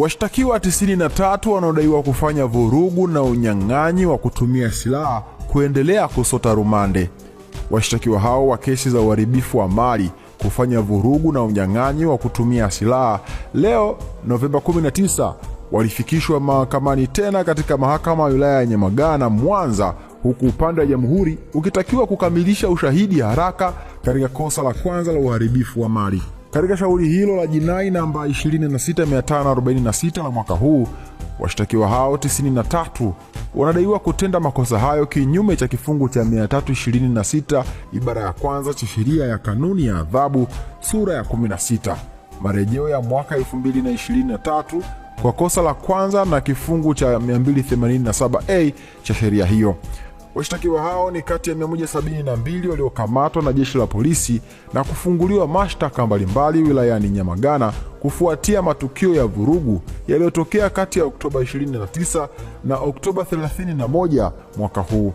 Washtakiwa 93 wanaodaiwa kufanya vurugu na unyang'anyi wa kutumia silaha kuendelea kusota rumande. Washtakiwa hao wa kesi za uharibifu wa mali, kufanya vurugu na unyang'anyi wa kutumia silaha, leo Novemba 19 walifikishwa mahakamani tena katika mahakama ya wilaya ya Nyamagana, Mwanza, huku upande wa jamhuri ukitakiwa kukamilisha ushahidi haraka katika kosa la kwanza la uharibifu wa mali. Katika shauri hilo la jinai namba 26546 la mwaka huu, washtakiwa hao 93 wanadaiwa kutenda makosa hayo kinyume cha kifungu cha 326 ibara ya kwanza cha sheria ya kanuni ya adhabu sura ya 16 marejeo ya mwaka 2023 kwa kosa la kwanza na kifungu cha 287a cha sheria hiyo. Washtakiwa hao ni kati ya 172 waliokamatwa na jeshi la polisi na kufunguliwa mashtaka mbalimbali wilayani Nyamagana kufuatia matukio ya vurugu yaliyotokea kati ya Oktoba 29 na Oktoba 31 mwaka huu.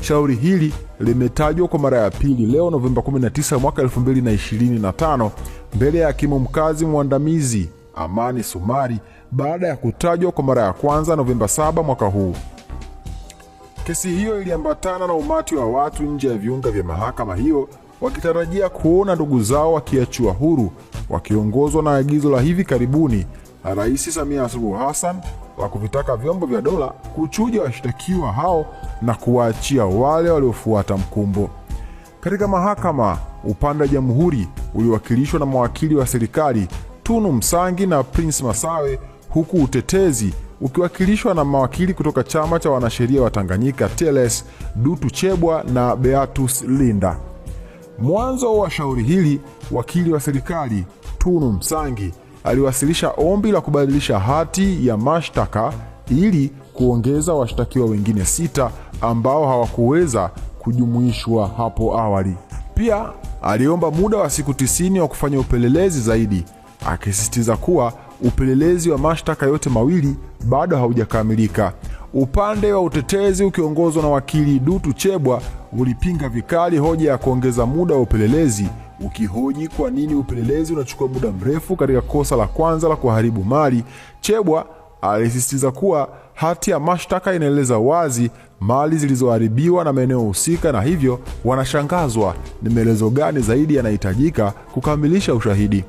Shauri hili limetajwa kwa mara ya pili leo Novemba 19 mwaka 2025 mbele ya hakimu mkazi mwandamizi Amani Sumari baada ya kutajwa kwa mara ya kwanza Novemba 7 mwaka huu. Kesi hiyo iliambatana na umati wa watu nje ya viunga vya mahakama hiyo wakitarajia kuona ndugu zao wakiachiwa huru, wakiongozwa na agizo la hivi karibuni la Rais Samia Suluhu Hassan wa kuvitaka vyombo vya dola kuchuja washtakiwa hao na kuwaachia wale waliofuata mkumbo. Katika mahakama, upande wa jamhuri uliwakilishwa na mawakili wa serikali Tunu Msangi na Prince Masawe, huku utetezi ukiwakilishwa na mawakili kutoka chama cha wanasheria wa Tanganyika TLS, Dutu Chebwa na Beatus Linda. Mwanzo wa shauri hili, wakili wa serikali Tunu Msangi aliwasilisha ombi la kubadilisha hati ya mashtaka ili kuongeza washtakiwa wengine sita ambao hawakuweza kujumuishwa hapo awali. Pia aliomba muda wa siku tisini wa kufanya upelelezi zaidi, akisisitiza kuwa upelelezi wa mashtaka yote mawili bado haujakamilika. Upande wa utetezi ukiongozwa na wakili Dutu Chebwa ulipinga vikali hoja ya kuongeza muda wa upelelezi, ukihoji kwa nini upelelezi unachukua muda mrefu katika kosa la kwanza la kuharibu mali. Chebwa alisisitiza kuwa hati ya mashtaka inaeleza wazi mali zilizoharibiwa na maeneo husika, na hivyo wanashangazwa ni maelezo gani zaidi yanahitajika kukamilisha ushahidi.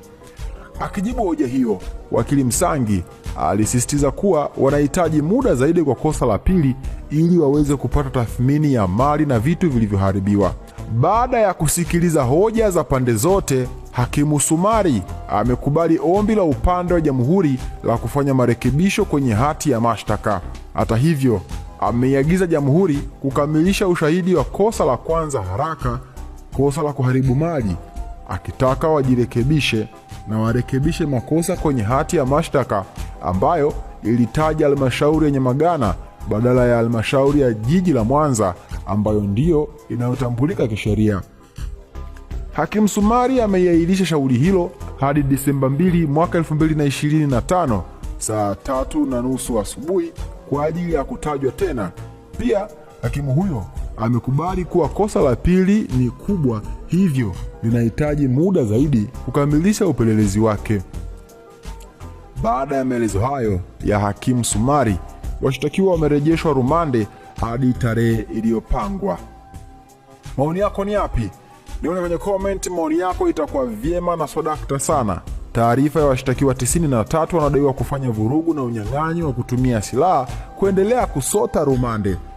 Akijibu hoja hiyo, wakili Msangi alisisitiza kuwa wanahitaji muda zaidi kwa kosa la pili ili waweze kupata tathmini ya mali na vitu vilivyoharibiwa. Baada ya kusikiliza hoja za pande zote, hakimu Sumari amekubali ombi la upande wa jamhuri la kufanya marekebisho kwenye hati ya mashtaka. Hata hivyo, ameiagiza jamhuri kukamilisha ushahidi wa kosa la kwanza haraka, kosa la kuharibu mali, akitaka wajirekebishe na warekebishe makosa kwenye hati ya mashtaka ambayo ilitaja halmashauri ya Nyamagana badala ya halmashauri ya jiji la Mwanza ambayo ndiyo inayotambulika kisheria. Hakimu Sumari ameiahirisha shauri hilo hadi Disemba 2 mwaka 2025 saa tatu na nusu asubuhi kwa ajili ya kutajwa tena. Pia hakimu huyo amekubali kuwa kosa la pili ni kubwa hivyo linahitaji muda zaidi kukamilisha upelelezi wake. Baada ya maelezo hayo ya hakimu Sumari, washtakiwa wamerejeshwa rumande hadi tarehe iliyopangwa. Maoni yako ni yapi? Nione kwenye comment maoni yako, itakuwa vyema na sodakta sana. Taarifa ya washtakiwa 93 wanadaiwa kufanya vurugu na unyang'anyi wa kutumia silaha kuendelea kusota rumande.